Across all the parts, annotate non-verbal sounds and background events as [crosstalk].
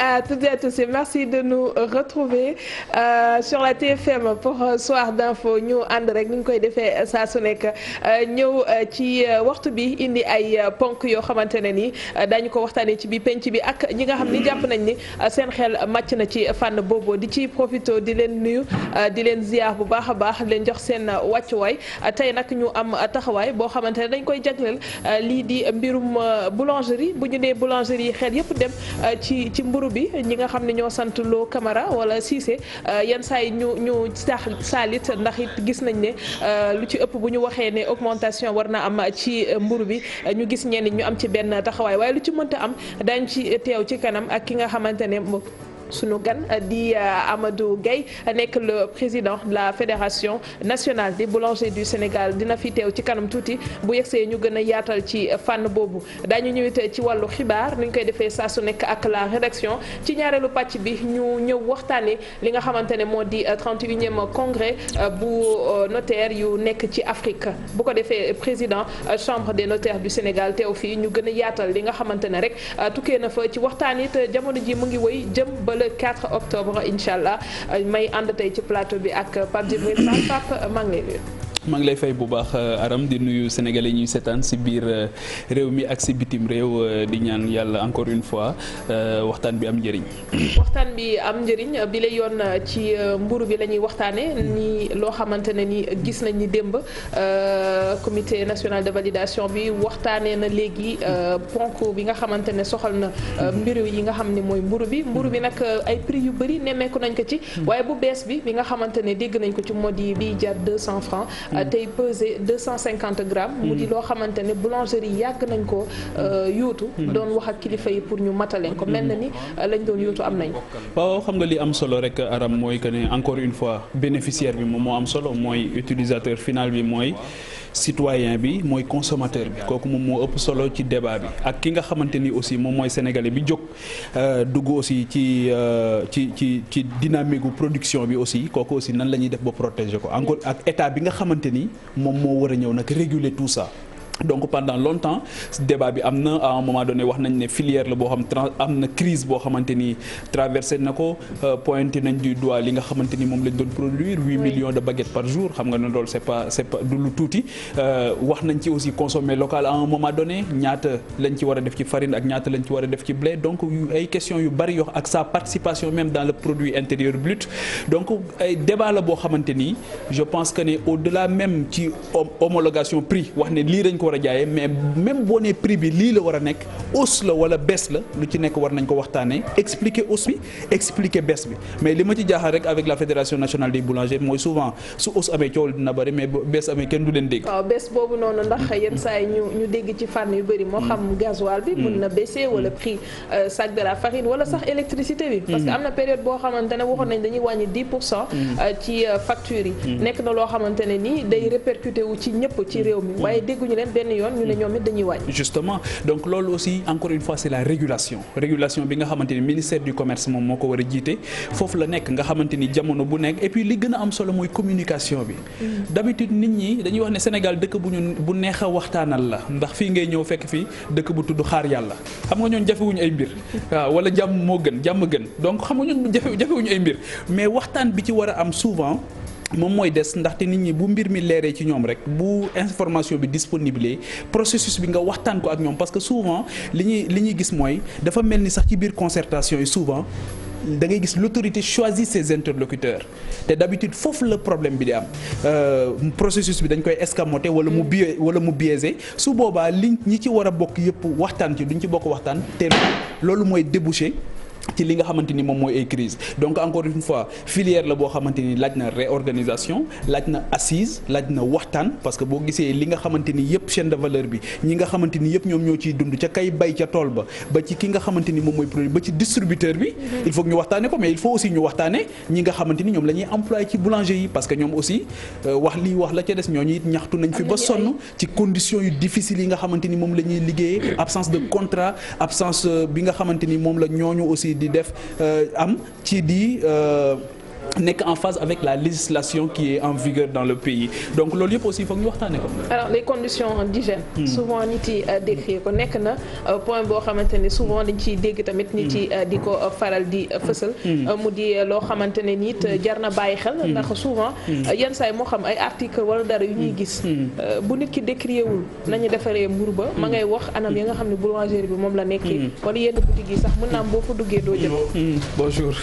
à toutes et à tous et merci de nous retrouver euh, sur la TFM pour euh, soir d'info ñu ànd rek ni ñu koy defee euh, saa su nekk euh, ñëw ci waxtu bi indi ay ponk yoo xamante ne ni daañu ko waxtaanee ci bi penc bi ak ñi nga xam ni jàpp nañ ni seen xel màcc na ci fànn boobu di ci profito di leen nuyu di leen ziar bu baax a baax leen jox seen wàccuwaay tey nag ñu am taxawaay boo xamante ne dañ koy jagleel lii di mbirum boulangerie bu ñu nee boulangerie xel yëpp dem bi ñi nga xam ne ñoo sant loo Camara wala Cissé euh, yenn saa yi ñu ñu sax saalit ndax it gis nañ ne euh, lu ci ëpp bu ñu waxee ne augmentation war na am ci euh, mburu bi ñu gis ñenn ñu am ci benn taxawaay waaye lu ci mënta am daañ ci teew ci kanam ak ki nga xamante ne sunu gan euh, di euh, Amadou Gueye euh, nekk le président la fédération nationale des boulangers du Sénégal dina fi teew ci kanam tuuti bu yegsee ñu gën a yaatal ci fànn boobu daañu ñëwit ci wàllu xibaar nu ñu koy defee saa su nekk ak la rédaction ci ñaareelu pàcc bi ñu ñëw waxtaanee li nga xamante ne moo di 31e congrès bu notaire yu nekk ci Afrique bu ko defee président chambre de notaires du Sénégal teew fii ñu gën a yaatal li nga xamante ne rek tukkee na fa mu ngi le 4 octobre incha allah euh, may ànd tey ci plateau bi ak Pape Djibril Fall Pape maa ngi maa ngi lay fay bu baax euh, Aram di nuyu sénégalais ñuy seetaan si biir euh, réew mi ak si bitim réew euh, di ñaan yàlla encore une fois waxtaan bi am njëriñ. waxtaan bi am njëriñ bi yoon ci mburu bi la ñuy waxtaanee ni loo xamante ne ni gis nañ ni démb commité national de validation bi waxtaanee na léegi ponk bi nga xamante ne soxal na mbiru yi nga xam ni mooy mburu bi. mburu bi nag ay prix yu bëri nemmeeku nañ ko ci. Mm. waaye bu bees bi bi nga xamante ne dégg nañ ko ci moo di biy jar 200 francs Euh, mmh. tey pesé 250 grammes. mu di mmh. loo xamante ne boulangerie yàgg nañ ko mmh. euh, yuutu. doon wax ak kilifa yi pour ñu mataleen ko mel na ni euh, lañ doon yuutu am nañ waaw xam nga li am solo rek aram mooy que ne encore une fois bénéficiaire bi moom moo am solo mooy utilisateur finale bi mooy. citoyen bi mooy consommateur bi kooku moom moo ëpp solo ci débat bi ak ki nga xamante ni aussi moom mooy sénégalais bi jóg euh, dugg aussi ci euh, ci ci ci dynamique production bi aussi kooku aussi nan la ñuy def ba protéger ko encore ak état bi nga xamante ni moom moo war a ñëw nag réguler tout ça donc pendant longtemps débat bi am na à un moment wax nañ ne filière la boo xam am na crise boo xamante ni traversé na ko euh, pointé nañ du doigt li nga xamante ni moom lañ doon produire huit millions de baguettes par jour xam nga ne loolu c'est pas c'est pas du lu tuuti euh, wax nañ ci aussi consommer local à un moment donné ñaata lañ ci war a def ci farine ak ñaata lañ ci war a def ci blé donc ay question yu bari yoo ak sa participation même dans le produit intérieur brut donc ay débat la boo xamante ni je pense que ne au-delà même ci homologation prix wax ne war a jaayee mais même boo prix bi lii la war a nekk hausse la wala baisse la lu ci nekk war nañ ko waxtaanee expliquer hausse bi expliquer baisse bi mais li ma ci jaaxal rek avec la fédération nationale des boulangers mooy souvent su hausse amee coow dina bëri mais baisse amee kenn du leen dégg. boobu noonu ndax yenn saa yi ñu dégg ci fànn yu bëri. moo xam gasoil bi. Mm. mun na mm. baisser wala prix euh, sac de la farine wala sax électricité bi. parce que mm. am na période boo xamante ne n nañ dañuy wàññi 10 pour cent. Euh, ci euh, facture yi. nekk na loo xamante ne nii day répercuté benn yoon ñu ne ñoom it dañuy wàññi. justement donc loolu aussi encore une fois c'est la régulation régulation bi nga xamante ni ministère du commerce moom moo ko war a jiite foofu la nekk nga xamante ni jamono bu nekk et li gën am solo mooy communication bi. Mm. d'habitude nit ñi dañuy wax ne Sénégal dëkk bu ñu bu neex waxtaanal la ndax fii ngay ñëw fekk fii dëkk bu tudd xaar yàlla xam nga ñoon jafewuñu ay mbir [laughs] waaw wala jàmm moo gën jàmm gën donc xam nga ñoon jafewuñu ay mbir mais waxtaan bi ci war a am souvent moom mooy des ndaxte nit ñi bu mbir mi leeree ci ñoom rek bu information bi disponible processus bi nga waxtaan ko ak ñoom parce que souvent li ñuy li ñuy gis mooy dafa mel ni sax ci biir concertation yi souvent da ngay gis l'autorité choisit ses interlocuteurs te d'habitude foofu la problème bi di am euh, processus bi dañ koy escamoté wala mu biais wala mu biaisé su boobaa li ñi ci war a bokk yëpp waxtaan ci duñ ci bokk waxtaan te loolu mooy débouché ci li nga xamante ni moom mooy ay donc encore une fois filière la boo xamante laaj na réorganisation laaj na assise laaj na waxtaan parce que boo gisee li nga xamante ni yëpp de valeur bi ñi nga xamante ni yëpp ñoom ñoo ciy dund ca kay bay ca tool ba ba ci ki nga xamante ni moom mooy produit ba ci distributeur bi mhm. il faut ñu waxtaane ko mais il faut aussi ñu waxtaane ñi nga xamante ñoom la ñuy ci boulanger yi parce que ñoom aussi euh, wax lii wax la ca des ñooñu it ñaxtu nañ fi ba sonn aussi di def euh, am ci di euh, nekk en phase avec la législation qui est en vigueur dans le pays donc loolu yëpp aussi foog ñu waxtaane ko. alors les conditions d'hygiène hmm. souvent nit yi euh, décrire ko nekk na euh, point boo xamante ne souvent dañ ci dégg tamit nit yi hmm. euh, di ko faral di fësal. Hmm. mu di loo xamante ne nit jar na bàyyi xel. ndax souvent yan saa moo xam ay article wala dara yu ñuy gis. bu nit ki décrier wul nañu defaree mburu ba ma ngay wax anam yi nga xam ne boulangerie bi moom la nekkee. wala yenn boutique yi sax mën naa boo fa duggee doo jël. bonjour.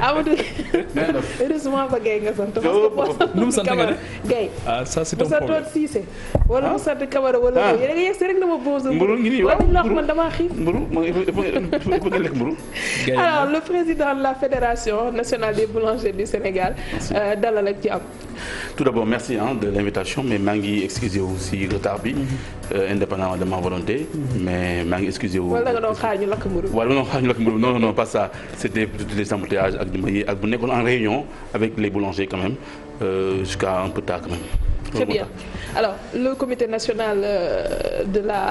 Amadou. [laughs] heureusement ba Guèye nga sant. parce que nu mu sant nga de Guèye. ah ça c'est un problème mu santoon Cissé. a mburu waaw mburu mburu mburu. alors le président de la fédération nationale des boulangers du Sénégal dalal ak ci am. tout d'abord merci hein, de l'invitation mais maa ngi wu si retard bi. Euh, indépendamment volonté. mais maa ngi wu. wala nga doon xaar ñu lakk mburu. wala nga doon xaar ñu lakk mburu non non pas ça c'était des embouteillages ak en réunion avec les boulangers quand même euh, jusqu'à un peu tard quand même. Très bien. Alors, le comité national euh, de la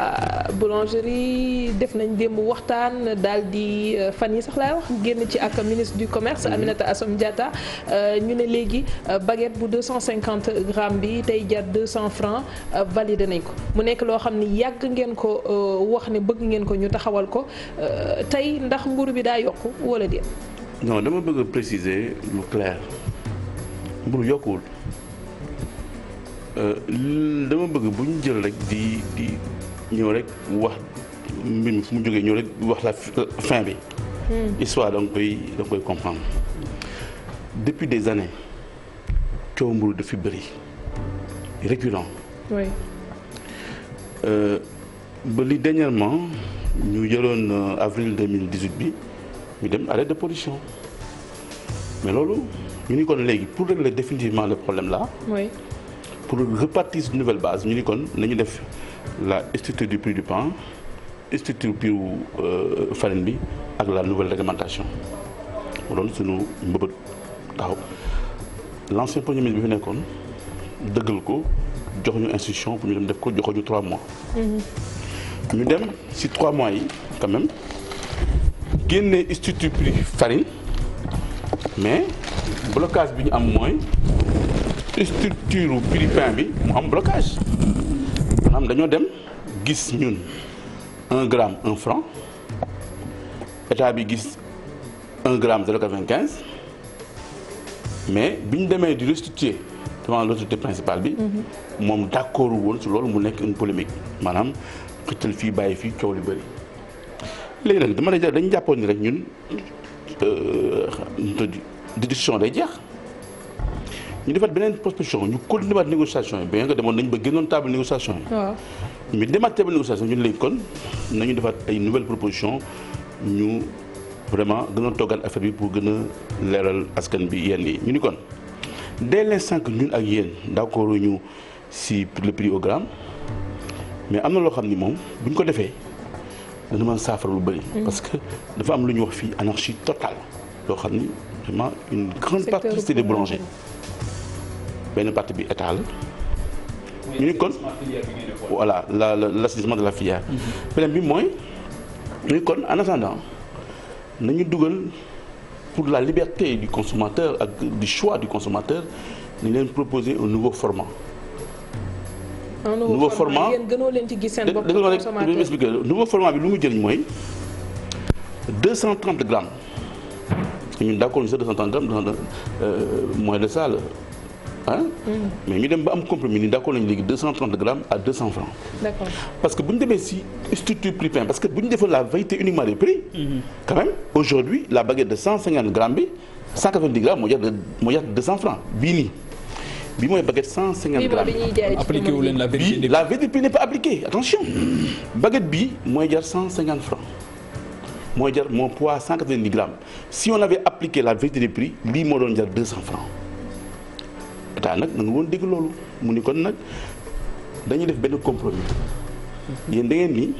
boulangerie def nañ démb waxtaan daal di euh, fan yi sax laay wax génn ci ak ministre du commerce mhm. Aminata Assome Diatta euh, ñu ne léegi baguette bu 250 grammes bi tey jar 200 francs validé nañ ko mu nekk loo xam ne yàgg ngeen ko wax ne bëgg ngeen ko ñu taxawal ko tey ndax mburu bi daa yokk wala déet. non dama bëgg a préciser lu clair mburu yokkuwul euh, dama bëgg bu ñu jël rek di di ñëw rek wax mbir mi fu mu jógee ñëw rek wax la fin bi. Hmm. histoire da koy da nga koy comprendre depuis des années coow mburu dafi bëri récurrent. oui. Euh, ba li dernièrement ñu jëloon euh, avril 2018 bi. ñu dem arrêt de position mais loolu ñu ni kon léegi pour régler définitivement le problème la pour repartir sur nouvelle base ñu ni kon nañu def la structure du prix du pain structure prix wu euh, farine bi ak la nouvelle réglementation mu doon suñu mbëbët taxaw l'ancien premier ministre bi fi nekkoon dëggal ko jox ñu institution pour ñu dem def ko joxoñu trois mois. Mm-hmm. ñu dem si trois mois yi quand génnee institut prix farine mais blocage bi ñu am mooy structure prix pain bi mu am blocage maanaam dañoo dem gis ñun un gramme un franc état bi gis un gramme zero quatre-vingt-quinze mais bi ñu demee di restituer devant l'autorité principale bi mhm. moom d'accord woon ci loolu mu nekk une polémique maanaam xëccal fii bàyyi fii coow li bëri léegi nag dama lay dañu jàppoon ni rek ñun euh, déduction day jeex ñu defaat beneen proposition ñu continué waat négociation yi bien que demoon nañ ba génnoon table négociation yi. mais demaat table négociation ñun léegi kon nañu defaat ay nouvelle proposition ñu vraiment gën a toggaat affaire bi pour gën a leeral askan bi yenn yi ñu ni kon dès l'instant que ñun ak yéen d'accord ñu si le prix au gramme mais am na loo xam ni moom bu ñu ko defee. dana mën saafara lu bëri. parce que dafa am lu ñu wax fii anarchie total loo xam ni vraiment une grande partie c'est des boulangers benn partie bi état la. ñu ni kon voilà la la la mm-hmm. bi mooy kon en attendant dugal pour la liberté du consommateur ak du choix du consommateur ni leen proposer un nouveau format. Ah, nouveau format yéen gënoo leen gis seen bopp consommateur dégg nga expliqué nouveau format lu mu jëriñ mooy 230 euh, de ça la ah. Hmm. mais ñu dem d' accord nañu léegi 230 grammes à 200 francs. d' parce que ñu demee si structure prix pain parce que bu ñu defoon la vérité uniquement des prix. Hmm. quand aujourd'hui la baguette de 150 grammes bi 190 grammes moo jar moo jar 200 francs bii nii. bi mooy baguette 150 grammes. appliqué wu leen la VDP la VDP n'est pas appliquée attention. baguette bi mooy jar 150 francs mooy jar moo poids 190 grammes si on avait appliqué la vérité des prix lii moo doon jar 200 francs état nag na nga woon dégg loolu mu ni kon nag dañuy def benn compromis yéen da ngeen ni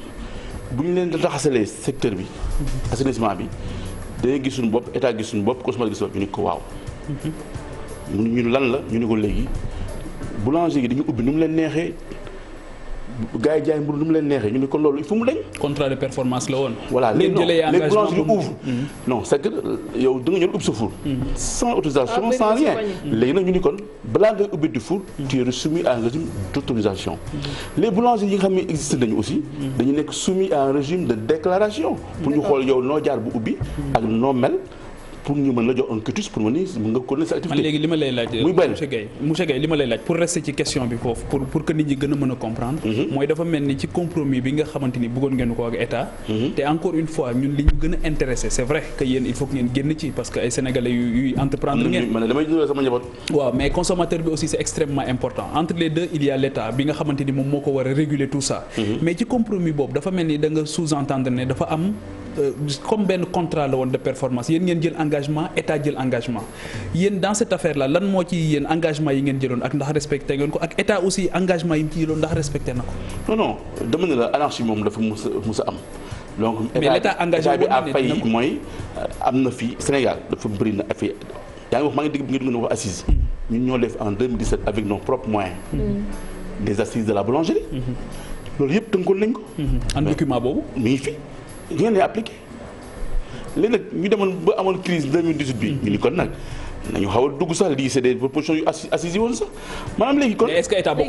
bu ñu leen da taxasalee secteur bi assainissement bi da ngay gis bopp état gis suñu bopp consommateur gis suñu bopp ñu ni ko waaw mu ñu lan la ñu ne ko léegi boulanger yi dañu ubbi nu mu leen neexee gars yi jaay mburu nu mu leen neexee ñu ne kon loolu il faut mu dañ. contrat de performance la woon. voilà léegi non léegi yi ouvre. non c' est que euh, yow da nga ñëw ubbi sa four. Mm-hmm. sans autorisation ah, sans rien. léegi nag ñu ni kon balaa ngay ubbi di four. Mm-hmm. tu es soumis à un régime d' autorisation. Mm-hmm. les boulangers yi nga xam ne existé nañu aussi. dañu nekk soumis à un régime de déclaration. pour ñu xool yow noo jaar bu ubbi. ak noo mel. pour ñu mën la jox un pour mën nga man léegi li ma lay laaj. muy benn monsieur Guèye monsieur Guèye li ma lay laaj pour rester ci question bi foofu pour pour nit ñi gën a mën a comprendre. Mhm. mooy dafa mel ni ci compromis bi nga xamante ni bëggoon ngeen ko ak état. Mhm. te encore une fois ñun li ñu gën a intéressé c' vrai que yéen il faut ngeen génn ci parce que ay sénégalais yuy entreprendre ngeen. man damay dundal sama njaboot. waaw mais consommateur bi aussi Euh, comme benn contrat la woon de performance yéen ngeen jël engagement état jël engagement yéen dans cette affaire là lan moo ci yéen engagement yi ngeen jëloon ak ndax respecté ngeen ko ak état aussi engagement yi mu ci jëloon ndax respecté na ko. non non dama ne la anarchie moom dafa mus a am. donc état état bi mooy euh, am na fi Sénégal dafa bëri na affaire yaa ngi wax maa ngi dégg bi nga doon wax assise. Mm. ñun ñoo def en 2017 avec nos propres rien n'est appliqué léegi nag ñu demoon ba amoon crise 2018 bi ñu ni kon nag nañu xaw dugg sax lii c'est des propositions yu assises yi woon sax maanaam léegi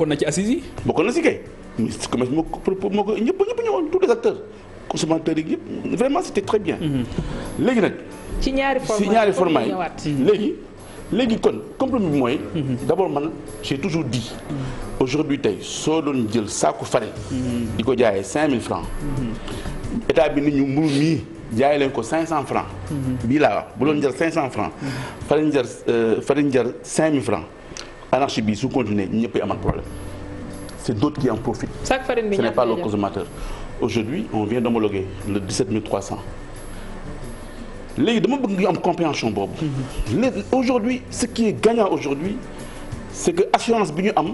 na ci assises yi. bokkoon na si ko moo ko ñëpp ñëpp ñëwoon tous les acteurs consommateurs yi mhm. léegi nag. ci ñaari formats yi ci ñaari formats yi léegi. léegi kon compromis bi mooy. Mhm. d'abord man j'ai toujours dit. Mhm. aujourd'hui tey soo doon jël saaku farine. di ko jaayee mille francs. état bi nit ñu mburu mii jaay ko 500 francs mhm. bii laa wax bu doon jar 500 francs mhm. farine jar euh, farine jar 5000 francs anarchie bi su continuer ñu ñëpp ay amal problème c'est d'autres qui en profitent bi ce n'est pas le consommateur aujourd'hui on vient d'homologuer le 17300 léegi dama bëgg ñu am compréhension boobu mhm. léegi aujourd'hui ce qui est gagnant aujourd'hui c'est que assurance bi ñu am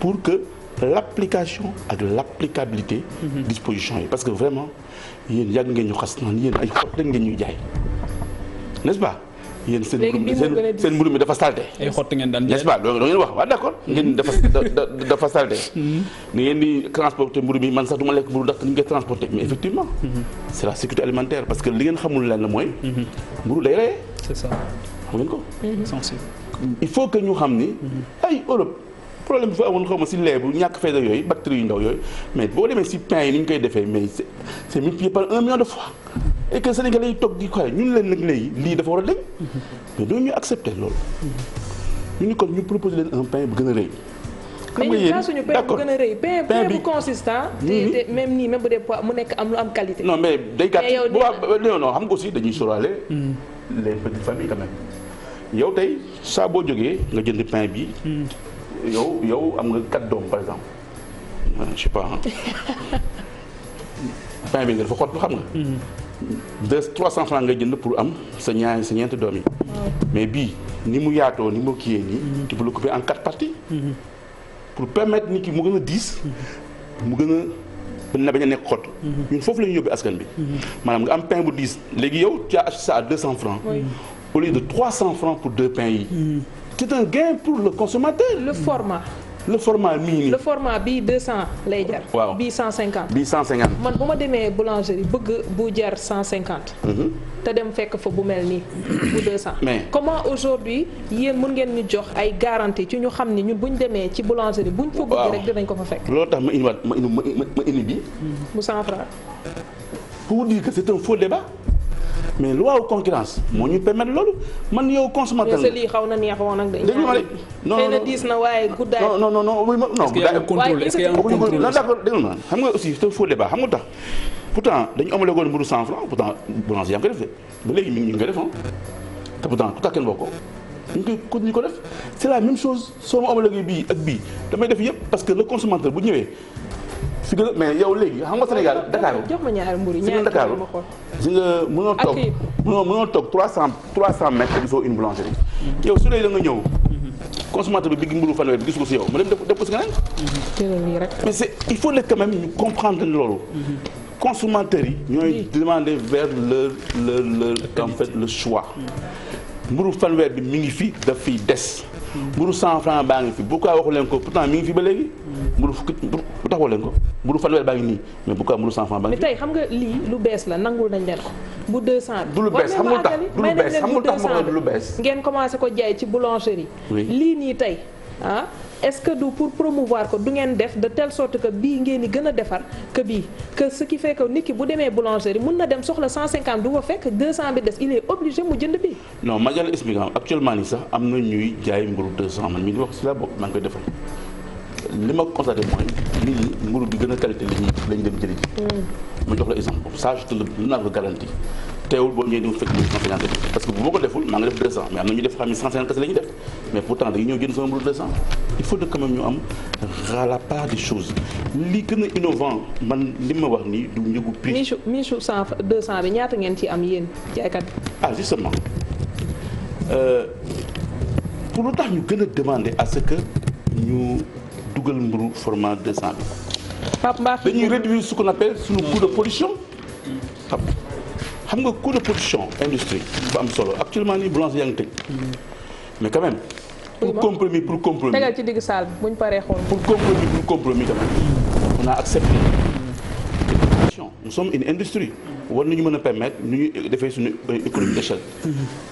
pour que l'application ak l'applicabilité mhm. disposition yi parce que vraiment yéen yàgg ngeen ñu xas naan yéen ay xot rek ngeen ñuy jaay n'est-ce pas yéen seen seen mburu mi dafa salté ay xott ngeen daan n'est-ce pas loolu ngeen wax mhm. mhm. di transporter mburu mi man sax du ma lekk mburu ndax ni ngeen transporter mais effectivement c'est la sécurité alimentaire parce que li ngeen xamul lenn mooy mburu day rey xam ngeen ko il faut que ñu xam ni ay Europe problème bi amoon xaw si lait bu ñàkk feebar yooyu bactéries yu ndaw yooyu mais boo demee si pain yi ni ñu koy defee mais c'est multiplié million de fois et que yi toog di xoolee ñun leen nag léegi lii dafa war a dañ mais doo ñu accepter loolu ñu ni kon ñu proposer leen un pain bu gën a rëy xam nga yéen suñu pain bu gën a rëy pain bu consistant mmh. te même nii même bu dee mu nekk am am qualité non mais day nga aussi dañuy sóoraale mmh. les petites familles quand même yow tey saa boo jógee nga jënd pain bi mmh. yow yow am nga quatre doom par exemple je sais pas pain [laughs] bi nga dafa xott xam nga hmm. deux trois cent francs ngay jënd pour am sa ñaar sa ñeenti doom yi mais bii ni mu yaatoo ni mu kiyee nii hmm. tu peux le couper en quatre hmm. pour permettre nit ki mu gën a diis mu gën a mën na bañ nekk xot ñun foofu la ñu yóbbee askan bi maanaam nga am pain bu diis léegi yow tu as à deux cent francs au lieu de trois cent francs pour deux pains yi c'est gain pour le consommateur. le format. le format mii le format bii 200 lay jar. waaw bii 150. bii 150. man bu ma demee boulangerie bëgg bu jar 150. Mhm. te dem fekk fa bu mel nii bu 200. [coughs] mais comment aujourd'hui yéen mën ngeen jox ay garantie ci ñu xam ni ñun bu ñu demee ci boulangerie bu ñu fa bëgg rek dinañ ko fa fekk. loolu tax ma indiwaat ma ma indi bi. bu 100 francs. pour dire que c'est un faux débat. mais loi concurrence moo ñu permettre loolu man yow consommateur nga. lii xaw na neex woon nag. dégg nga non xëy na diis na waaye guddaay. non non non non. est-ce qu'il y a un contrôle est-ce qu'il y a un contrôle d'accord dégg nga xam nga aussi c'est faux débat xam nga tax pourtant dañu homologué woon mburu 100 francs pourtant boulanger yaa ngi koy def ba léegi mi ngi koy def ah te pourtant ku tax kenn boo ko. ñu koy continuer ko def c'est la même chose soo ma homologué bii ak bii damay def yëpp parce que le consommateur bu ñëwee fi nga mais yow léegi xam nga Sénégal Dakar jox ma ñaari mburu ñaari Dakar si nga mënoo toog mënoo toog trois cent trois cent mètres gisoo une boulangerie mhm. yow su dee la nga ñëw mhm. consommateur bi bi mburu fanweer bi gisu ko si yow ma dem def ko si keneen mais c'est il faut le quand ñu comprendre loolu mhm. consommateurs yi ñooy demander vers le le le en fait le choix mburu fanweer bi mu ngi fi daf fiy des mburu cent franc baa ngi fi pourquoi waxu leen ko pourtant mi ngi fi ba léegi mburu fukki bu taxoo leen ko mburu fanweer baa ngi nii mais pourquoi mburu cent franc baa ngi fi tey xam nga lii lu bees la nangul nañ leen ko bu deux cent bi du lu bees xamul tax du lu bees xamul tax ma du lu bees ngeen commencé ko jaay ci boulangerie lii nii tey ah est-ce que du pour promouvoir ko du ngeen def de telle sorte que bii ngeen di gën a defar que bii que ce qui fait nit ki bu demee boulangerie mun na dem soxla cinquante du ko fekk 200 bi des il est obligé mu jënd bii. non ma jàll actuellement nii sax am na ñuy jaay mburu 200 man mi ngi wax si la bokk maa koy defal li ma constaté mooy nit mburu bi gën a qualité la ñuy la ñu dem jëli ji. Hmm. ma jox la exemple ça je te naa ko garanti. teewul boo ñëwee di nga fekk muy 150 parce que bu ma ko deful maa ngi def 200 mais am na ñu def xam ne 150 kese la ñuy def mais pourtant dañuy ñëw jënd sama li gën a innovant man li ma wax nii du njëgu prix. michu cent 100 200 bi ñaata ngeen ci am yéen jaaykat ah justement euh, pour lu tax ñu gën a demander à ce que ñu dugal mburu format 200 bi. Pape Mbacar dañuy réduire ce qu'on appelle suñu coût de xam nga coût de production industrie bu am solo actuellement nii boulanger yaa ngi tëj mais quand même pour compromis pour compromis tegal ci digg saal bu ñu paree xool pour compromis pour compromis quand même on a accepté nous sommes une industrie war nañu mën a permettre nu ñu defee suñu économie d'échelle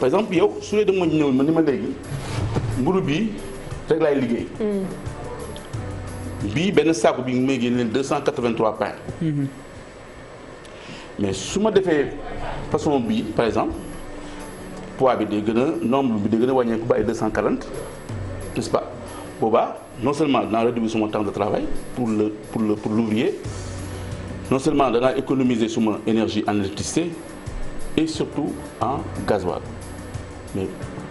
par exemple yow su dee da nga ma ñëw ma ni ma léegi mburu bi rek laay liggéey hmm. bii benn saaku bi may génn leen deux cent quatre-vingt-trois mais su ma defee façon bii par exemple poids bi day gën a nombre bi day gën a wàññeeku ba ay 240 n'est-ce pas boobaa non seulement danaa réduire suma temps de travail pour le pour le pour l'ouvrier non seulement danaa économiser suma énergie en électricité et surtout en gasoil mais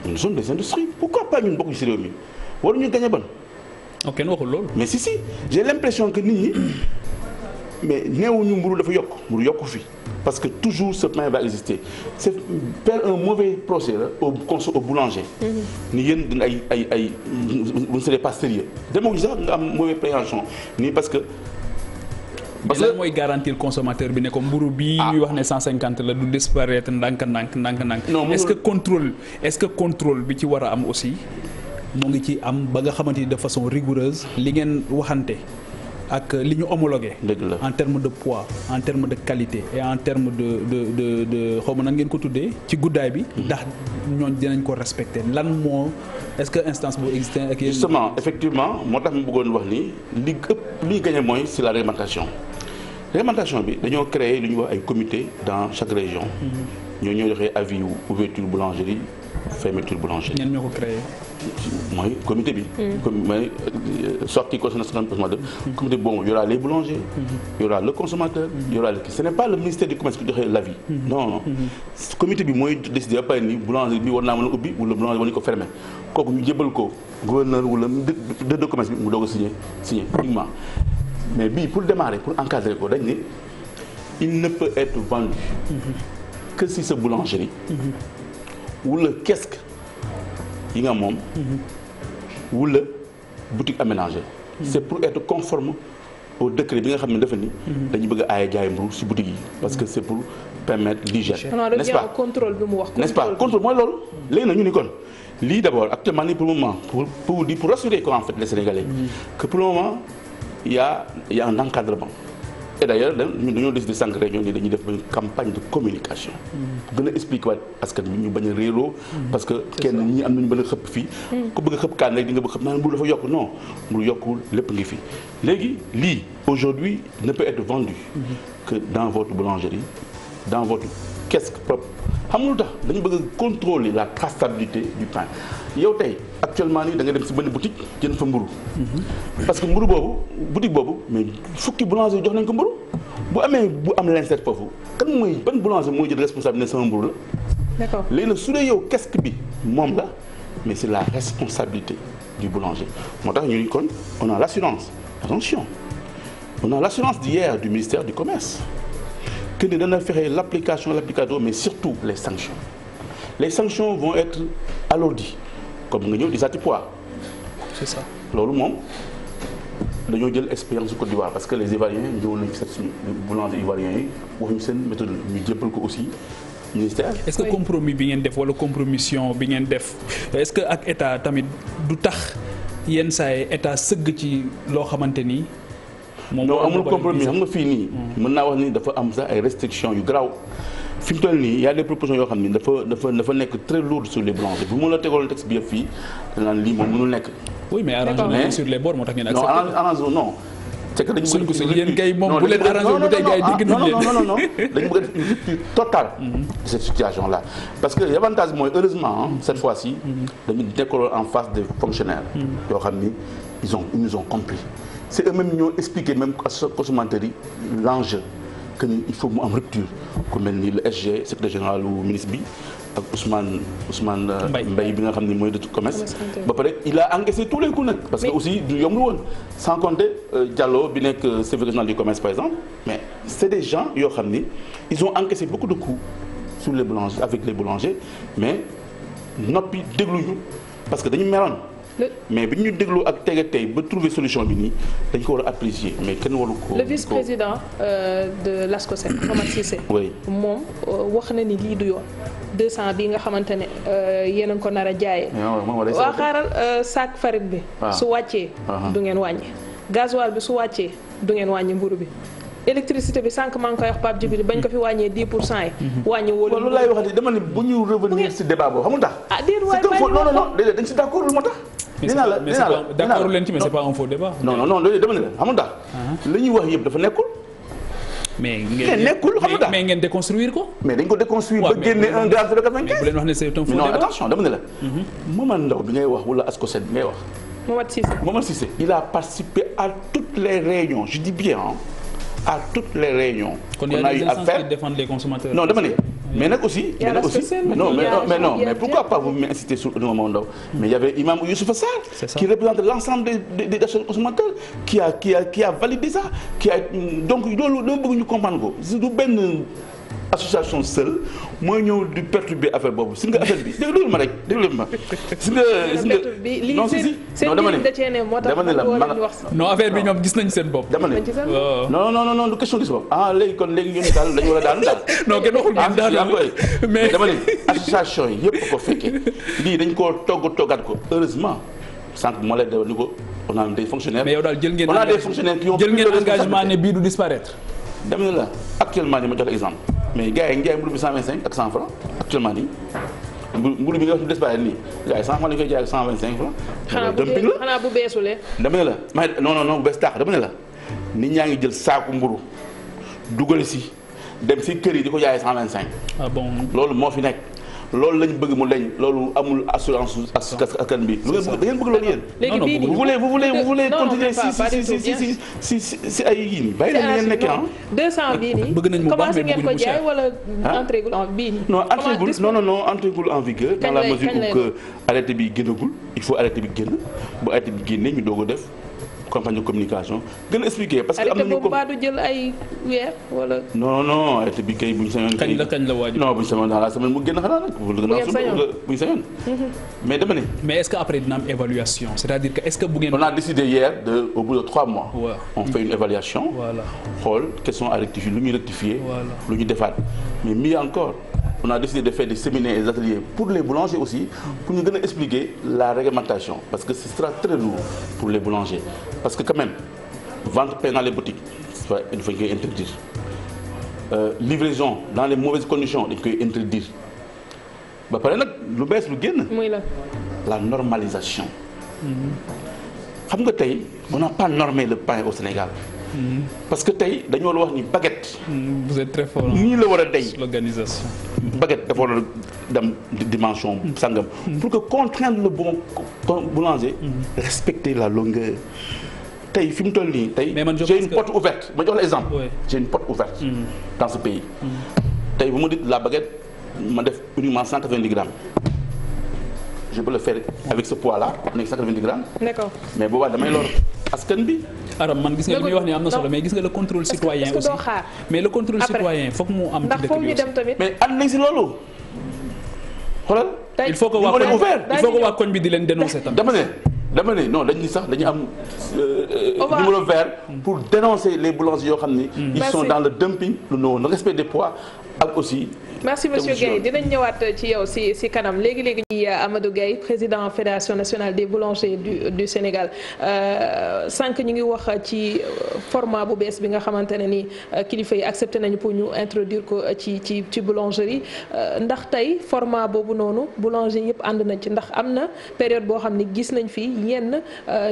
nous sommes des industries pourquoi pas ñun bokk ci réew mi waruñu gagné ban. ok kenn waxul loolu. mais si si j'ai l'impression que nit ñi. mais néewuñu mburu dafa yokk mburu yokku fi parce que toujours ce pain va exister c'est faire un mauvais procès la au conso au boulanger. Mm-hmm. ni yéen dina ay ay ay vous ne serez pas sérieux demeewuñu sax nga am mauvais préhension nii parce que. parce mooy garantir consommateur bi ne ko mburu bi ah. ñuy wax ne 150 la du disparaître ndànk ndànk ndànk ndànk. est que contrôle est-ce que contrôle bi ci war a am aussi. mu ngi ci am ba nga xamante ni de façon rigoureuse li ngeen waxante ak li ñu homologué. en terme de poids en terme de qualité et en terme de de de xaw ma nan ngeen ko tuddee ci guddaay bi. Mhm. ndax ñooñ dinañ ko respecté lan moo est-ce que instance bu existé ak justement effectivement moo tax mu bëggoon wax ni li ëpp liy gagné mooy c'est la réglementation réglementation bi dañoo créer li ñu wax ay comité dans chaque région. Mhm. ñoo ñoo joxee avis ouverture boulangerie fermeture boulangerie. ñenn ñoo ko créé. mooy comité bi. Hmm. comme mooy sorti concernant 50% comité boobu y aura les boulangers. Hmm. y aura le consommateur. Hmm. y aura le ce n'est pas le ministère du commerce qui joxe comité bi mooy décider a pare ni boulanger bi war naa a ubbi wala boulanger war nañu ko fermer kooku ñu jébal ko gouverneur wala de de commerce bi mu doog a signé signé uniquement mais bi pour démarrer pour encadrer ko dañ ni il ne peut être vendu que si sa boulangerie. wala kiosque. yi nga moom wula boutique aménagée mm-hmm. c'est pour être conforme au décret bi nga xam ne dafa ni mm-hmm. dañu bëgg a aaye jaay mburu ci boutique yi parce que mm-hmm. c'est pour permettre l'hygiène n'est-ce pas bi mu wax n'est-ce pas contrôle mooy loolu léegi nag ñu ni kon lii d'abord actuellement nii pour le moment pour pour dire pour rassurer quoi en fait les Sénégalais que pour le moment il y a il et d'ailleurs ñun dañoo décidé sànq réunion dañuy def une campagne de communication. gën a expliquer waat askan bi ñu bañ a réeroo. parce que kenn ñi am nañu bëgg a xëpp fii. Mm. ku bëgg a xëpp kaan rek di bëgg a xëpp maanaam bu dafa yokk non mu yokkul lépp ngi fi léegi lii aujourd'hui ne peut être vendu. Mm-hmm. que dans votre boulangerie dans votre caisse propre xam nga lu tax dañu bëgg a contrôler la traçabilité du pain. yow tey actuellement nii da nga dem si benn boutique jënd fa mburu parce que mburu boobu boutique boobu mais fukki boulanger jox nañ ko mburu bu amee bu am l'insert foofu kan mooy ban boulanger mooy jël responsabilité sama mburu la d'accord léegi nag su dee yow casque bi moom la mais c'est la responsabilité du boulanger moo tax ñu ni kon ona a l'assurance attention on a l'assurance d'hier du ministère du commerce que ni dana fexe l'application l'applicado mais surtout les sanctions les sanctions vont être alourdies comme nga ñëw di sàcc poids. c'est loolu moom dañoo jël expérience su Côte d'Ivoire parce que les Ivoiriens ñëwoon nañu fi seet suñu boulanger Ivoiriens yi waxuñu seen méthode ñu jébbal ko aussi. ministère est-ce que compromis bi ngeen def wala compromission bi ngeen def est-ce ak état tamit du tax yenn saa yi état sëgg ci loo xamante ni. non amul compromis xam nga fii nii hmm. mën naa wax ni dafa am sax ay restrictions yu garaaw fi mu toll nii y a des propositions yoo xam ni dafa dafa dafa nekk très lourd sur les blancs bu mu la tegaloon texte bi yëpp fii danaan lii moom mënul nekk oui mais arrangement sur les bords moo tax ngeen accepté non arrangement non c'est que dañu bëgg suñu yéen kay moom bu leen arrangé bu tey gars yi dégg ah, nañ leen non non non dañu bëgg une rupture totale hmm. de cette situation là parce que l'avantage mooy heureusement cette fois-ci hmm. dañu nekkaloon en face des fonctionnaires yoo xam ni ils ont ils nous ont compris c'est eux-mêmes ñoo expliqué même consommateur yi l'enjeu que ni il faut mu am rupture ku mel ni le SG secrétaire général ou ministre bi ak Ousmane Ousmane euh, Mbaye bi nga xam ni mooy de commerce ba pare il a encaissé tous les coups nag parce que aussi du yomb woon sans compter euh, Diallo bi nekk secrétaire euh, général du commerce par exemple mais c'est des gens yoo xam ni ils ont encaissé beaucoup de coups sur les boulangers avec les boulangers mais noppi dégluñu parce que dañu meroon mais bi ñu déglu ak tege tey ba trouver solution bi nii dañ ko war apprécier mais kenn waru ko. le vice président euh, de l'ASCOSEN [coughs] Omar moom euh, wax na ni lii du yoon. 200 bi nga xamante ne euh, yéen ko nar a jaayee. Ah waaw xaaral saak farine bi. Ah. su wàccee. Ah du ngeen wàññi. gasoil bi su wàccee du ngeen wàññi mburu bi. électricité bi sànq maa ngi koy wax Pape Djibril bañ ko fi wàññee 10 pour cent yi. Mhm. wàññi wóolu loolu laay waxati dama ne bu ñu revenir si débat boobu xam dinaa la dinaa la d'accord leen ci mais c'est pas un faux débat. non non non la xam nga uh-huh. wax yëpp dafa nekkul. mais ngeen eh, nekkul xam nga mais ngeen déconstruire ko. mais dañ ko déconstruire ba génne un gaz de 95. bu leen wax ne c'est un faux débat non attention dama ne la. Momar uh-huh. Ndao bi ngay wax wala Asko Sène bi ngay wax. Momar Cissé Momar il a participé à toutes les réunions je dis bien à toutes les réunions. qu'on kon y a des instances qui défendent les consommateurs. non dama mais nag aussi mais nag aussi non mais non mais non mais vous m'inciter sur Ousmane Mame Ndao mais il y avait imam Youssoufa Sarr qui représente l'ensemble des des associations consommateurs qui a qui a qui a validé ça qui a donc loolu dama bëgg ñu comprendre ko du benn association seul mooy ñëw di perturber affaire boobu si nga affaire bi déglu ma rek déglu ma si nga si nga non si si non dama ne dama ne la non affaire bi ñoom gis nañ seen bopp dama ne euh. non du question gis bopp ah léegi kon léegi ñoom daal dañu war a daal [laughs] non kenn waxul ngeen ah, [laughs] mais dama ne ko fekkee togg toggaat ko heureusement sànq moo lay dawal ni ko on a mais yow daal jël ngeen on a des fonctionnaires qui ont dem na la actuellement ni ma jox exemple mais gars yi njaay mburu bi 125 ak 100 francs actuellement nii mburu bi nga wax ñu des bàyyi nii gars yi 100 francs lañ koy jaay ak 125 francs. xanaa xanaa bu beesulee. dem na la may non non non bu bees taax dem na la nit ñaa ngi jël saaku mburu dugal si dem si kër yi di ko jaayee 125. ah bon loolu moo fi nekk. loolu lañ bëgg mu dañ loolu amul assurance askan bi. lu ngeen bëgg da ngeen bëgg loolu yéen. léegi bii nii vous voulez vous voulez vous voulez continuer si si si ay yii nii bàyyi leen ngeen nekkee ah. bëgg nañ mu baax mais bëgguñu mu cher commencé ngeen ko jaay wala entrée gul en bi génnagul il faut arrêté bi génn bu arrêté bi génnee ñu doog def campagne de communication gën a expliquer. parce que am nañu ko arrêté boobu du jël ay weer wala. non non arrêté bi kay bu ñu sañoon. la kañ la waaj. non bu ñu sañoon dans la semaine mu génn xanaa nag. bu ngeen mhm. mais dama ne. mais est après dina am évaluation c' est à dire que est ce que a décidé hier de au bout de trois mois. on fait une évaluation. voilà xool question à rectifier lu ñuy rectifier. voilà lu ñu defaat mais mieux encore. on a décidé de faire des séminaires et des ateliers pour les boulangers aussi pour ñu gën a expliquer la réglementation parce que ce sera très lourd pour les boulangers parce que quand même vente pain dans les boutiques il faut koy euh, livraison dans les mauvaises conditions dañ koy interdire ba pare nag lu bees lu génn la normalisation xam nga tey on n'a pas normé le pain au Sénégal parce que tey dañoo la wax ni baguette. Mm, nii la war a dey. l'organisation. baguette dafa war a dem dimension sangam. Mm. pour que contraindre le bon boulanger. Mm. respecter la longueur. tey fi mu toll nii tey. j'ai une porte ma jox la exemple. j'ai une porte dans ce pays. tey bu ma dit la baguette ma def uniquement 190 grammes. je peux le faire avec ce poids là nekk 190 grammes. mais boobaa damay lor askan bi. aram man gis nga li muy wax ni am na solo mais gis nga le contrôle citoyen aussi mais le contrôle citoyen foog mu am ci dëkk bi aussi mais am loolu il faut que waa koñ bi di leen dénoncer tam dama ne dama dañ non sax dañu am euh, numéro vert pour dénoncer les boulangers yoo xam ni mm. ils sont dans le dumping le non respect des poids ak aussi merci monsieur Gaye dinañ ñëwaat ci yow si si kanam léegi léegi ñuy euh, Amadou Gaye président fédération nationale de boulangers du du Sénégal euh, sànq ñu ngi wax ci euh, format bu bees bi nga xamante ne ni kilifa yi accepté nañu pour ñu introduire ko ci ci ci boulangerie ndax tey format boobu noonu boulanger yëpp ànd nañ ci ndax am na période boo xam ne gis nañ fi yenn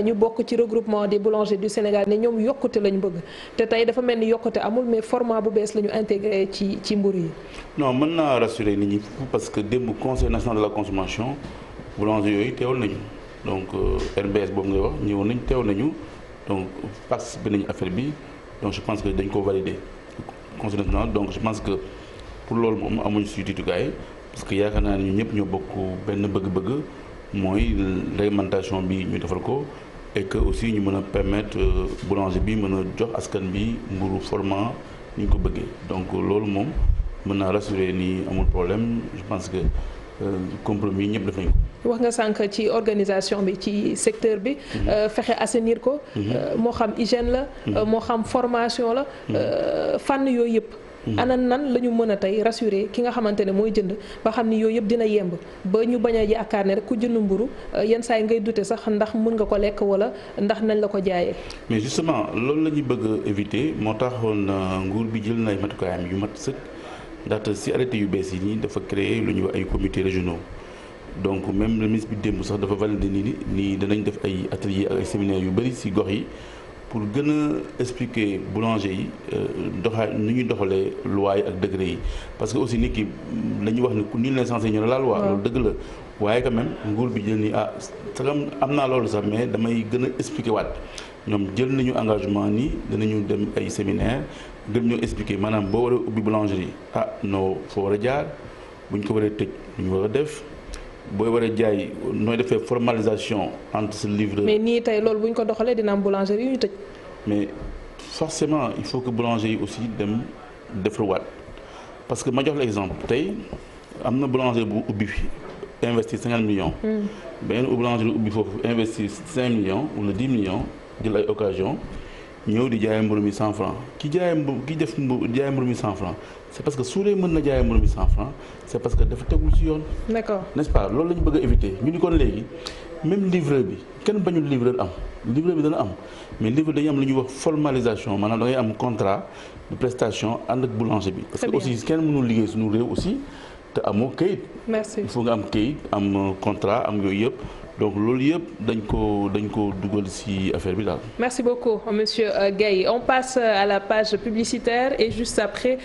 ñu bokk ci regroupement de boulangers du Sénégal ne ñoom yokkute lañ bëgg te tey dafa mel ni yokkute amul mais format bu bees la ñu intégré ci ci mburu yi. mën naa rassurer nit ñi parce que démb conseil national de la consommation boulanger yooyu teewal nañu donc euh, RBS boobu ngay wax ñëwoon nañ teew nañu donc participer nañu affaire bi donc je pense que dañ ko valider conseil national donc je pense que pour loolu moom amuñu suy tiitukaay parce que yaakaar naa ne ñun ñëpp ñoo bokk benn bëgg-bëgg mooy réglementation bi ñu defar ko et que aussi ñu mën a permettre euh, boulanger bi mën a jox askan bi mburu format ni ñu ko bëggee donc loolu moom mën naa rassurer ni amul problème je pense que euh, compromis ñëpp def nañ ko. wax nga sànq ci organisation bi ci secteur bi. Mhm. Euh, fexe assainir ko. Mhm. Euh, moo xam hygiène la. Mhm. moo xam formation la. fànn yooyu yëpp. ana nan la ñu mën a tey rassurer ki nga xamante ne mooy jënd ba xam ni yooyu yëpp dina yemb ba ñu bañ a yaakaar ne rek ku jënd mburu yenn saa yi ngay dute sax ndax mën nga ko lekk wala ndax nañ la ko jaayee. mais justement loolu la ñuy bëgg éviter moo taxoon nguur bi jël na ay matukaayam yu mat sëkk. ndaxte si arrêté yu bees yi nii dafa créer lu ñu wax ay comités régionaux donc même le ministre bi démb sax dafa validé nii nii danañ def ay atelier ak ay séminaires yu bëri si gox yi pour gën a expliquer boulanger yi euh, doxaa nu ñuy doxalee loi ak degré yi parce que aussi ni ki dañuy wax ne ku nii la censé ñu la loi loolu dëgg la waaye quand même nguur bi jël ni ah sagam am naa loolu sax mais damay gën a waat ñoom jël nañu engagement ni danañu dem ay séminaire gën ñoo expliquer maanaam boo waree ubbi boulangerie ah non foo war a jaar bu ñu ko waree tëj ñu war def booy waree a jaay nooy defee formalisation entre ce livre. mais nii tey loolu bu ñu ko doxalee dina am boulangerie yu ñu tëj. mais forcément il faut que boulanger yi aussi dem defarwaat parce que ma jox la exemple tey am na boulanger bu ubbi fi investir 50 millions. Hmm. beneen boulanger bu ubbi foofu investir 5 millions wala 10 million jël ay occasion ñëw di jaay mburu mi 100 francs ki jaay mburu ki def mburu jaay mi cent francs c' parce que su dee mën na jaay mburu mi 100 francs c' est parce que dafa tegul ci yoon. d' accord n' loolu la bëgg a éviter ñu ni kon léegi même livreur bi kenn bañul livreur am livreur bi dana am mais livreur dañu am lu ñuy wax formalisation man da ngay am contrat de prestation ànd ak boulanger bi. parce que aussi kenn mënul liggéey suñu réew aussi te amoo kayit. merci il faut nga am kayit am contrat am yooyu yëpp. donc loolu yëpp dañ ko dañ ko dugal ci affaire bi daal. merci beaucoup monsieur euh, Gaye on passe euh, à la page publicitaire et juste après.